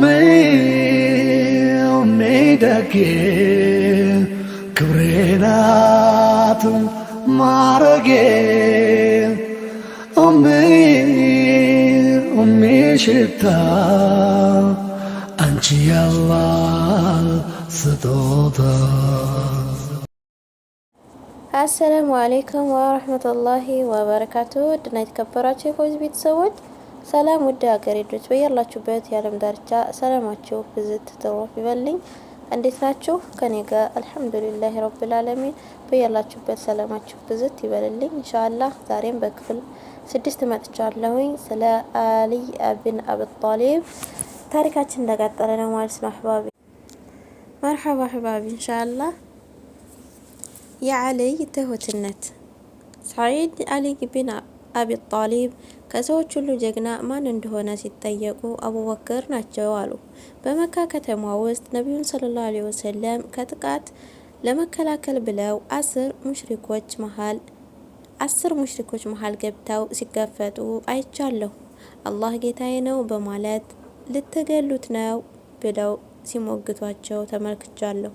ሜሜደጌ ክብሬናት ማረጌ ሽታ አንቺ ያላህ ስጦታ። አሰላሙ አሌይኩም ወረህመቱላሂ ወበረካቱ ድና የተከበራቸው የፎዝ ቤተሰቦች ሰላም ውድ ሀገሬ ልጆች በያላችሁበት የዓለም ዳርቻ ሰላማችሁ ብዝት ትረፍ ይበልኝ። እንዴት ናችሁ? ከኔ ጋር አልሐምዱሊላህ ረብል አለሚን በያላችሁበት ሰላማችሁ ብዝት ይበልልኝ። ኢንሻአላህ ዛሬም በክፍል ስድስት መጥቻለሁኝ ስለ አልይ ብን አቢ ጣሊብ ታሪካችን እንደቀጠለ ነው ማለት ነው። አህባቢ መርሐባ አህባቢ። ኢንሻአላህ የአልይ ትሁትነት ሰዒድ አልይ ብን አቢ ጣሊብ ከሰዎች ሁሉ ጀግና ማን እንደሆነ ሲጠየቁ አቡበክር ናቸው አሉ። በመካ ከተማ ውስጥ ነቢዩን ሰለላሁ ዓለይሂ ወሰለም ከጥቃት ለመከላከል ብለው አስር ሙሽሪኮች መሀል አስር ሙሽሪኮች መሀል ገብተው ሲጋፈጡ አይቻለሁ። አላህ ጌታዬ ነው በማለት ልትገሉት ነው ብለው ሲሞግቷቸው ተመልክቻለሁ።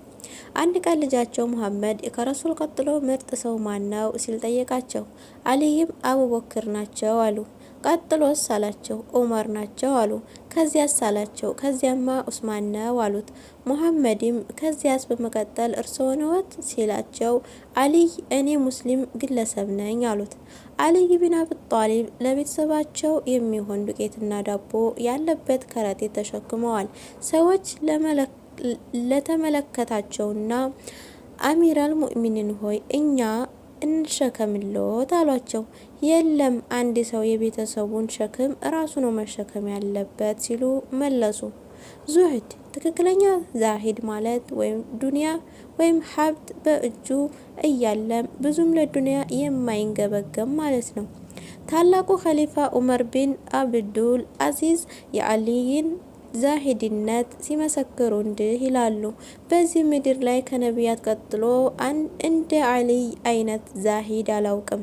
አንድ ቀን ልጃቸው መሐመድ ከረሱል ቀጥሎ ምርጥ ሰው ማነው ሲል ጠየቃቸው። አልይም አቡበክር ናቸው አሉ። ቀጥሎስ አላቸው። ዑመር ናቸው አሉ። ከዚያስ አላቸው። ከዚያማ ኡስማን ነው አሉት። ሙሐመድም ከዚያስ በመቀጠል እርስዎ ነዎት ሲላቸው፣ አሊይ እኔ ሙስሊም ግለሰብ ነኝ አሉት። አልይ ቢን አቢ ጣሊብ ለቤተሰባቸው የሚሆን ዱቄትና ዳቦ ያለበት ከረጢት ተሸክመዋል። ሰዎች ለመለክ ለተመለከታቸውና አሚራል ሙእሚንን ሆይ እኛ እንሸከምልዎት አሏቸው። የለም አንድ ሰው የቤተሰቡን ሸክም ራሱ ነው መሸከም ያለበት ሲሉ መለሱ። ዙህድ ትክክለኛ ዛሂድ ማለት ወይም ዱንያ ወይም ሀብት በእጁ እያለም ብዙም ለዱንያ የማይንገበገም ማለት ነው። ታላቁ ኸሊፋ ዑመር ቢን አብዱል አዚዝ የአሊይን ዛሂድነት ሲመሰክሩ እንዲህ ይላሉ። በዚህ ምድር ላይ ከነቢያት ቀጥሎ እንደ አልይ አይነት ዛሂድ አላውቅም።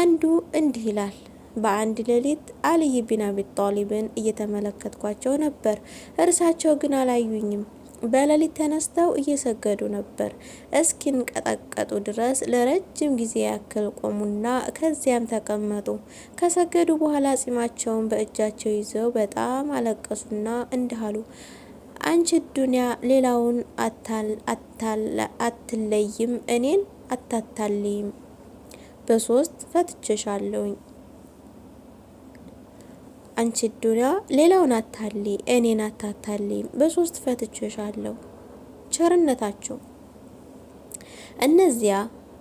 አንዱ እንዲህ ይላል። በአንድ ሌሊት አልይ ቢን አቢ ጣሊብን እየተመለከትኳቸው ነበር፣ እርሳቸው ግን አላዩኝም። በሌሊት ተነስተው እየሰገዱ ነበር። እስኪንቀጠቀጡ ድረስ ለረጅም ጊዜ ያክል ቆሙና ከዚያም ተቀመጡ። ከሰገዱ በኋላ ጺማቸውን በእጃቸው ይዘው በጣም አለቀሱና እንዲህ አሉ። አንቺ ዱንያ ሌላውን አትለይም፣ እኔን አታታልይም። በሶስት ፈትቼሻለሁኝ። አንቺ ዱንያ ሌላውን አታሊ እኔን አታታሊ። በሶስት ፈትቼሻለሁ። ቸርነታቸው እነዚያ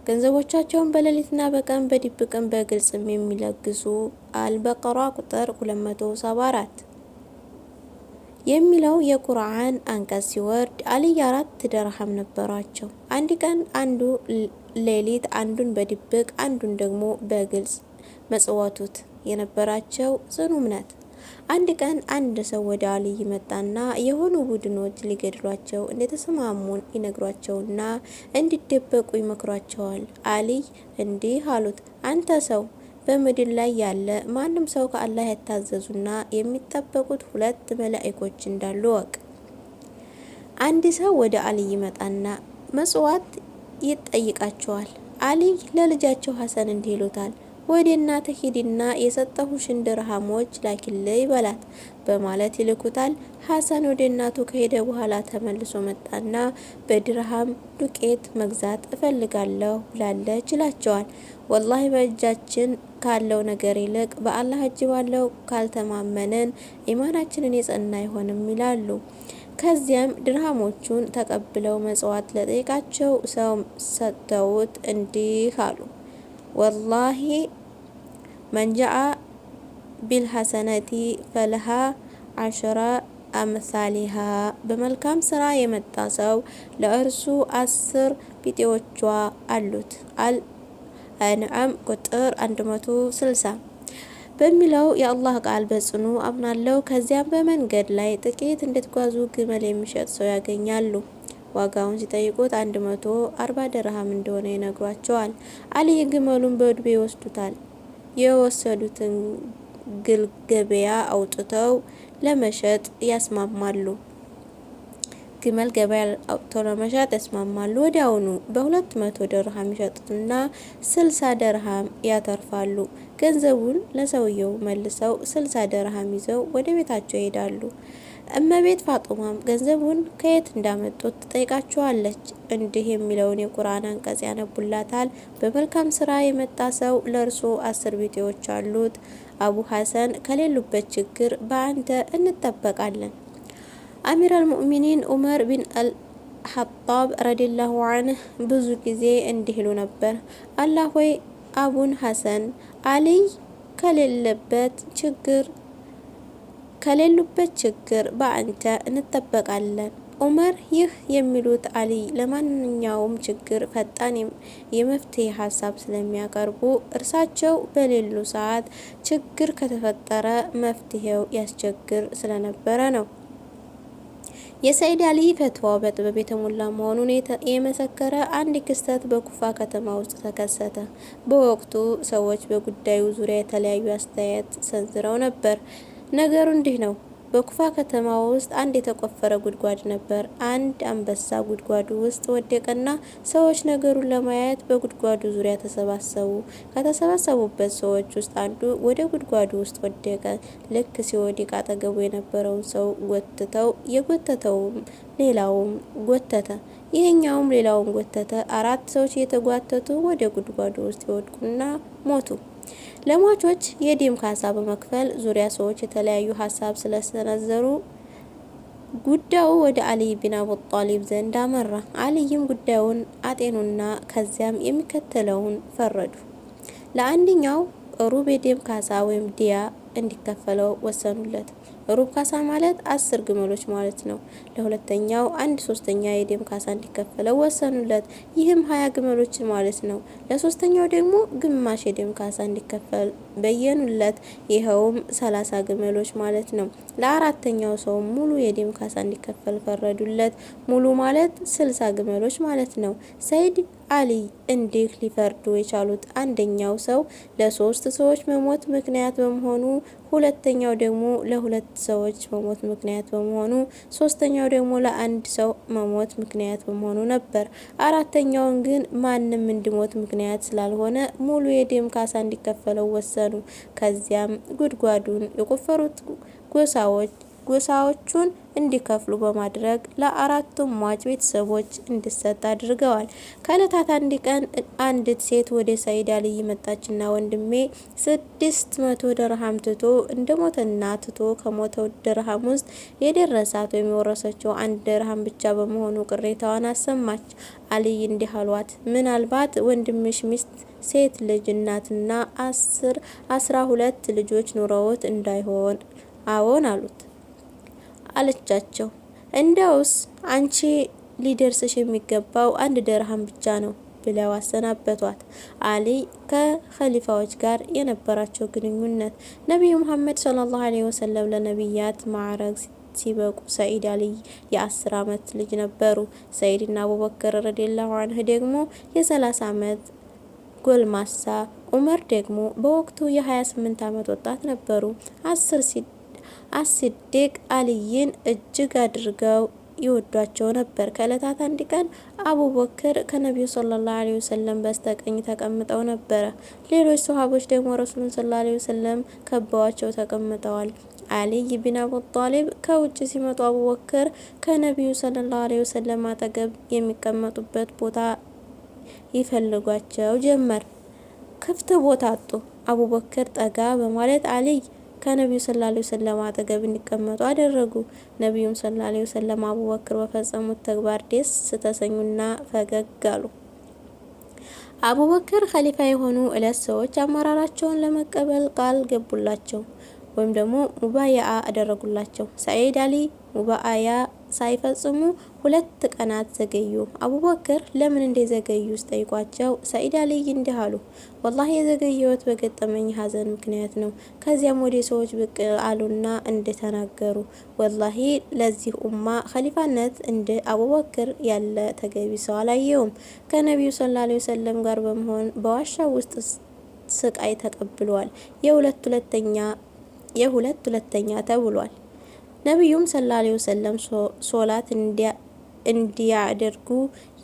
ገንዘቦቻቸውን በሌሊትና በቀን በድብቅም በግልጽም የሚለግሱ አልበቀራ ቁጥር 274 የሚለው የቁርአን አንቀጽ ሲወርድ አልይ አራት ደርሃም ነበሯቸው። አንድ ቀን አንዱ ሌሊት አንዱን በድብቅ አንዱን ደግሞ በግልጽ መጽወቱት። የነበራቸው ጽኑ እምነት። አንድ ቀን አንድ ሰው ወደ አልይ መጣና የሆኑ ቡድኖች ሊገድሏቸው እንደተስማሙን ይነግሯቸውና እንዲደበቁ ይመክሯቸዋል። አልይ እንዲህ አሉት፣ አንተ ሰው በምድር ላይ ያለ ማንም ሰው ከአላህ ያታዘዙና የሚጠበቁት ሁለት መላእኮች እንዳሉ ወቅ። አንድ ሰው ወደ አልይ መጣና መጽዋት ይጠይቃቸዋል። አልይ ለልጃቸው ሀሰን እንዲህ ይሉታል ወደ እናትህ ሂድና የሰጠሁሽን ድርሃሞች ላኪልኝ በላት በማለት ይልኩታል። ሀሰን ወደ እናቱ ከሄደ በኋላ ተመልሶ መጣና በድርሃም ዱቄት መግዛት እፈልጋለሁ ብላለች ይላቸዋል። ወላሂ በእጃችን ካለው ነገር ይልቅ በአላህ እጅ ባለው ካልተማመንን ኢማናችንን የጸና አይሆንም ይላሉ። ከዚያም ድርሃሞቹን ተቀብለው መጽዋት ለጠየቃቸው ሰው ሰጥተውት እንዲህ አሉ። ወላሂ መንጃአ ቢልሐሰነቲ ፈለሃ አሽራ አምሳሊሃ በመልካም ስራ የመጣ ሰው ለእርሱ አስር ቢጤዎቿ አሉት። አልአንዓም ቁጥር 160 በሚለው የአላህ ቃል በጽኑ አምናለሁ። ከዚያም በመንገድ ላይ ጥቂት እንድትጓዙ ግመል የሚሸጥ ሰው ያገኛሉ። ዋጋውን ሲጠይቁት አንድ መቶ አርባ ደርሃም እንደሆነ ይነግሯቸዋል። አልይ ግመሉን በዱቤ ይወስዱታል። የወሰዱትን ግል ገበያ አውጥተው ለመሸጥ ያስማማሉ። ግመል ገበያ አውጥተው ለመሸጥ ያስማማሉ። ወዲያውኑ በሁለት መቶ ደርሃም ይሸጡና ስልሳ ደርሃም ያተርፋሉ። ገንዘቡን ለሰውየው መልሰው ስልሳ ደርሃም ይዘው ወደ ቤታቸው ይሄዳሉ። እመቤት ፋጡማም ገንዘቡን ከየት እንዳመጡት ትጠይቃቸዋለች። እንዲህ የሚለውን የቁርአን አንቀጽ ያነቡላታል። በመልካም ስራ የመጣ ሰው ለእርሶ አስር ቢጤዎች አሉት። አቡ ሀሰን ከሌሉበት ችግር በአንተ እንጠበቃለን። አሚር አልሙእሚኒን ኡመር ቢን አልሐጣብ ረዲላሁ አንህ ብዙ ጊዜ እንዲህ ይሉ ነበር። አላህ ሆይ አቡን ሀሰን አልይ ከሌለበት ችግር ከሌሉበት ችግር በአንተ እንጠበቃለን። ኡመር ይህ የሚሉት አሊ ለማንኛውም ችግር ፈጣን የመፍትሄ ሀሳብ ስለሚያቀርቡ እርሳቸው በሌሉ ሰዓት ችግር ከተፈጠረ መፍትሄው ያስቸግር ስለነበረ ነው። የሰይድ አሊ ፈትዋ በጥበብ የተሞላ መሆኑን የመሰከረ አንድ ክስተት በኩፋ ከተማ ውስጥ ተከሰተ። በወቅቱ ሰዎች በጉዳዩ ዙሪያ የተለያዩ አስተያየት ሰንዝረው ነበር። ነገሩ እንዲህ ነው። በኩፋ ከተማ ውስጥ አንድ የተቆፈረ ጉድጓድ ነበር። አንድ አንበሳ ጉድጓዱ ውስጥ ወደቀና ሰዎች ነገሩን ለማየት በጉድጓዱ ዙሪያ ተሰባሰቡ። ከተሰባሰቡበት ሰዎች ውስጥ አንዱ ወደ ጉድጓዱ ውስጥ ወደቀ። ልክ ሲወድቅ አጠገቡ የነበረውን ሰው ጎትተው፣ የጎተተውም ሌላውም ጎተተ፣ ይህኛውም ሌላውም ጎተተ። አራት ሰዎች እየተጓተቱ ወደ ጉድጓዱ ውስጥ ይወድቁና ሞቱ። ለሟቾች የደም ካሳ በመክፈል ዙሪያ ሰዎች የተለያዩ ሀሳብ ስለሰነዘሩ ጉዳዩ ወደ አልይ ቢን አቡ ጣሊብ ዘንድ አመራ። አልይም ጉዳዩን አጤኑና ከዚያም የሚከተለውን ፈረዱ። ለአንደኛው ሩብ የደም ካሳ ወይም ዲያ እንዲከፈለው ወሰኑለት። ሩብ ካሳ ማለት አስር ግመሎች ማለት ነው። ለሁለተኛው አንድ ሶስተኛ የደም ካሳ እንዲከፈለው ወሰኑለት። ይህም ሀያ ግመሎችን ማለት ነው። ለሶስተኛው ደግሞ ግማሽ የደም ካሳ እንዲከፈል በየኑለት። ይኸውም ሰላሳ ግመሎች ማለት ነው። ለአራተኛው ሰው ሙሉ የደም ካሳ እንዲከፈል ፈረዱለት። ሙሉ ማለት ስልሳ ግመሎች ማለት ነው። ሰይድ አሊ እንዲህ ሊፈርዱ የቻሉት አንደኛው ሰው ለሶስት ሰዎች መሞት ምክንያት በመሆኑ ሁለተኛው ደግሞ ለሁለት ሰዎች መሞት ምክንያት በመሆኑ ሶስተኛው ደግሞ ለአንድ ሰው መሞት ምክንያት በመሆኑ ነበር። አራተኛውን ግን ማንም እንዲሞት ምክንያት ስላልሆነ ሙሉ የደም ካሳ እንዲከፈለው ወሰኑ። ተፈተኑ። ከዚያም ጉድጓዱን የቆፈሩት ጎሳዎች ጉሳዎቹን እንዲከፍሉ በማድረግ ለአራቱም ሟች ቤተሰቦች እንዲሰጥ አድርገዋል። ከእለታት አንድ ቀን አንዲት ሴት ወደ ሰይድ አልይ መጣችና ወንድሜ ስድስት መቶ ደርሃም ትቶ እንደ ሞተና ትቶ ከሞተው ደርሃም ውስጥ የደረሳት ወይም የወረሰችው አንድ ደርሃም ብቻ በመሆኑ ቅሬታዋን አሰማች። አልይ እንዲህ አሏት፣ ምናልባት ወንድምሽ ሚስት ሴት ልጅ እናትና አስር አስራ ሁለት ልጆች ኑረውት እንዳይሆን አዎን አሉት። አለቻቸው። እንደውስ አንቺ ሊደርስሽ የሚገባው አንድ ደርሃም ብቻ ነው ብለው አሰናበቷት። አሊ ከኸሊፋዎች ጋር የነበራቸው ግንኙነት ነቢዩ መሐመድ ሰለላሁ ዐለይሂ ወሰለም ለነቢያት ማዕረግ ሲበቁ ሰኢድ አሊ የአስር ዓመት ልጅ ነበሩ። ሰኢድና አቡበከር ረዲየላሁ አንሁ ደግሞ የሰላሳ ዓመት ጎልማሳ፣ ኡመር ደግሞ በወቅቱ የ28 ዓመት ወጣት ነበሩ። አስር አስሲዲቅ አልይን እጅግ አድርገው ይወዷቸው ነበር። ከእለታት አንድ ቀን አቡበክር ከነቢዩ ሰለላሁ ዐለይሂ ወሰለም በስተቀኝ ተቀምጠው ነበረ። ሌሎች ሰሃቦች ደግሞ ረሱሉን ሰለላሁ ዐለይሂ ወሰለም ከበዋቸው ተቀምጠዋል። አልይ ቢን አቡ ጣሊብ ከውጭ ሲመጡ አቡበክር ከነቢዩ ሰለላሁ ዐለይሂ ወሰለም አጠገብ የሚቀመጡበት ቦታ ይፈልጓቸው ጀመር። ክፍት ቦታ አጡ። አቡበክር ጠጋ በማለት አልይ ከነቢዩ ሰለላሁ ዐለይሂ ሰለም አጠገብ እንዲቀመጡ አደረጉ። ነቢዩም ሰለላሁ ዐለይሂ ሰለም አቡበክር በፈጸሙት ተግባር ደስ ተሰኙና ፈገግ አሉ። አቡበክር ኸሊፋ የሆኑ ዕለት ሰዎች አመራራቸውን ለመቀበል ቃል ገቡላቸው ወይም ደግሞ ሙባያአ አደረጉላቸው። ሰዒድ አሊ ሙባአያ ሳይፈጽሙ ሁለት ቀናት ዘገዩ። አቡበከር ለምን እንደዘገዩ ስጠይቋቸው ሰኢድ አልይ እንዲህ አሉ፣ ወላሂ የዘገየሁት በገጠመኝ ሀዘን ምክንያት ነው። ከዚያም ወደ ሰዎች ብቅ አሉና እንደተናገሩ ወላሂ ለዚህ ኡማ ኸሊፋነት እንደ አቡበክር ያለ ተገቢ ሰው አላየውም። ከነቢዩ ሰለላሁ ዐለይሂ ወሰለም ጋር በመሆን በዋሻ ውስጥ ስቃይ ተቀብሏል። የሁለት ሁለተኛ የሁለት ሁለተኛ ተብሏል። ነቢዩም ሰለላሁ ዐለይሂ ወሰለም ሶላት እንዲያደርጉ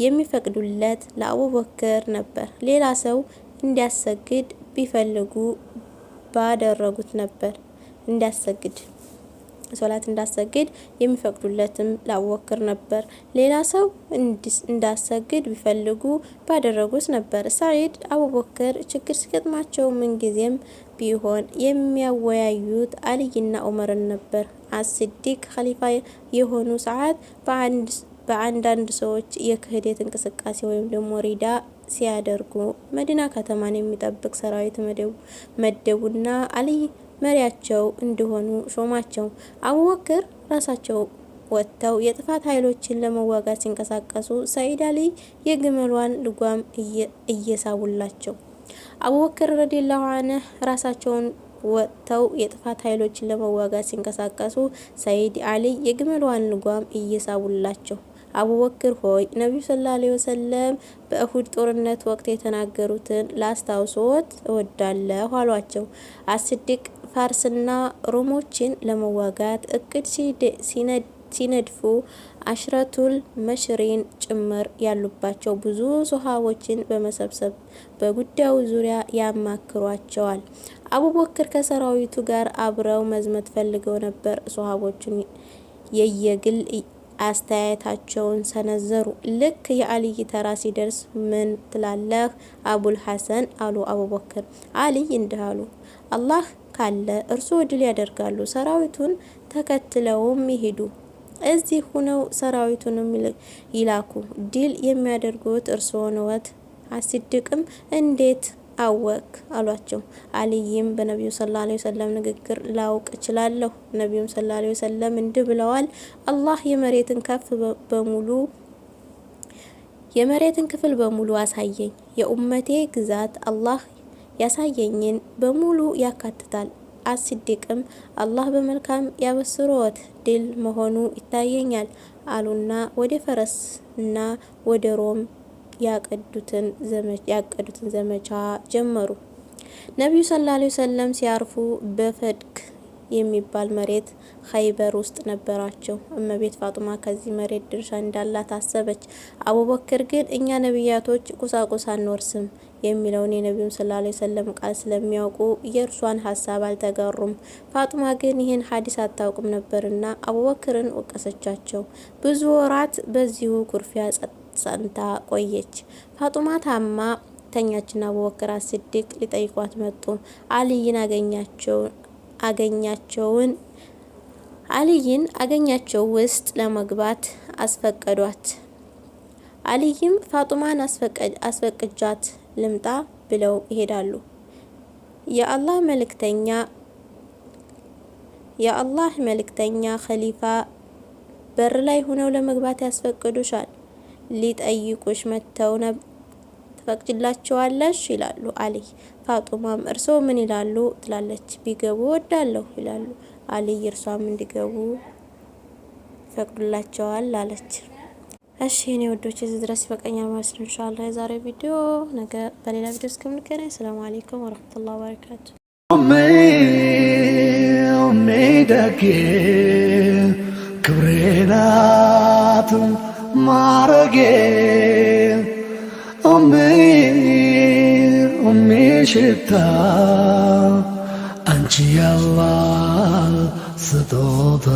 የሚፈቅዱለት ለአቡበክር ነበር። ሌላ ሰው እንዲያሰግድ ቢፈልጉ ባደረጉት ነበር። እንዲያሰግድ ሶላት እንዳሰግድ የሚፈቅዱለትም ለአቡበክር ነበር። ሌላ ሰው እንዳሰግድ ቢፈልጉ ባደረጉት ነበር። ሰዒድ አቡበክር ችግር ሲገጥማቸው ምንጊዜም ቢሆን የሚያወያዩት አልይና ኡመርን ነበር። አስዲቅ ኸሊፋ የሆኑ ሰዓት በአንድ በአንዳንድ ሰዎች የክህደት እንቅስቃሴ ወይም ደግሞ ሪዳ ሲያደርጉ መዲና ከተማን የሚጠብቅ ሰራዊት መደቡና አልይ መሪያቸው እንደሆኑ ሾማቸው። አቡበክር ራሳቸው ወጥተው የጥፋት ኃይሎችን ለመዋጋት ሲንቀሳቀሱ ሰኢድ አሊ የግመሏን ልጓም እየሳቡላቸው አቡበክር ረዲላሁ አንህ ራሳቸውን ወጥተው የጥፋት ኃይሎችን ለመዋጋት ሲንቀሳቀሱ ሰይድ አሊ የግመሏን ልጓም እየሳቡላቸው አቡበክር ሆይ ነቢዩ ሰለላሁ ዐለይሂ ወሰለም በእሁድ ጦርነት ወቅት የተናገሩትን ላስታውሶት እወዳለሁ አሏቸው። አስድቅ ፋርስና ሮሞችን ለመዋጋት እቅድ ሲነድፉ አሽረቱል መሽሪን ጭምር ያሉባቸው ብዙ ሶሃቦችን በመሰብሰብ በጉዳዩ ዙሪያ ያማክሯቸዋል። አቡበክር ከሰራዊቱ ጋር አብረው መዝመት ፈልገው ነበር። ሶሃቦቹን የየግል አስተያየታቸውን ሰነዘሩ። ልክ የአልይ ተራ ሲደርስ ምን ትላለህ አቡል ሐሰን? አሉ አቡበክር። አልይ እንዲህ አሉ፣ አላህ ካለ እርስዎ ድል ያደርጋሉ። ሰራዊቱን ተከትለውም ይሄዱ። እዚህ ሁነው ሰራዊቱንም ይላኩ። ድል የሚያደርጉት እርስዎ ነዎት። አሲድቅም እንዴት አወክ አሏቸው። አልይም በነቢዩ ሰለላሁ ዐለይሂ ወሰለም ንግግር ላውቅ እችላለሁ። ነቢዩም ሰለላሁ ዐለይሂ ወሰለም እንዲህ ብለዋል፣ አላህ የመሬትን ከፍ በሙሉ የመሬትን ክፍል በሙሉ አሳየኝ። የኡመቴ ግዛት አላህ ያሳየኝን በሙሉ ያካትታል። አስዲቅም አላህ በመልካም ያበስሮት ድል መሆኑ ይታየኛል አሉና ወደ ፈረስና ወደ ሮም ያቀዱትን ዘመቻ ጀመሩ። ነቢዩ ሰለላሁ ዐለይሂ ወሰለም ሲያርፉ በፈድክ የሚባል መሬት ኸይበር ውስጥ ነበራቸው። እመቤት ፋጡማ ከዚህ መሬት ድርሻ እንዳላት አሰበች። አቡበክር ግን እኛ ነቢያቶች ቁሳቁስ አንወርስም የሚለውን የነቢዩን ሰለላሁ ላ ሰለም ቃል ስለሚያውቁ የእርሷን ሀሳብ አልተጋሩም። ፋጡማ ግን ይህን ሀዲስ አታውቅም ነበርና አቡበክርን ወቀሰቻቸው። ብዙ ወራት በዚሁ ኩርፊያ ጸጥ ጸንታ ቆየች። ፋጡማ ታማ ተኛችና አቡበከር ሲዲቅ ሊጠይቋት መጡ። አልይን አገኛቸውን አልይን አገኛቸው ውስጥ ለመግባት አስፈቀዷት። አልይም ፋጡማን አስፈቅጃት ልምጣ ብለው ይሄዳሉ። የአላህ መልእክተኛ የአላህ መልእክተኛ ኸሊፋ በር ላይ ሆነው ለመግባት ያስፈቅዱሻል። ሊጠይቁሽ መጥተው ትፈቅጅላቸዋለሽ ይላሉ። አልይ ፋጡማም እርስዎ ምን ይላሉ ትላለች። ቢገቡ ወዳለሁ ይላሉ። አልይ እርሷም እንዲገቡ ይፈቅዱላቸዋል አለች። እሺ እኔ ወዶች እዚህ ድረስ ይበቃኛል ማለት ነው። ኢንሻአላህ የዛሬ ቪዲዮ ነገ በሌላ ቪዲዮ እስከምንገናኝ ሰላም አለይኩም ወራህመቱላሂ ወበረካቱ። ማረጌ እሚር እሚ ሽታ አንቺ ያላ ስጦታ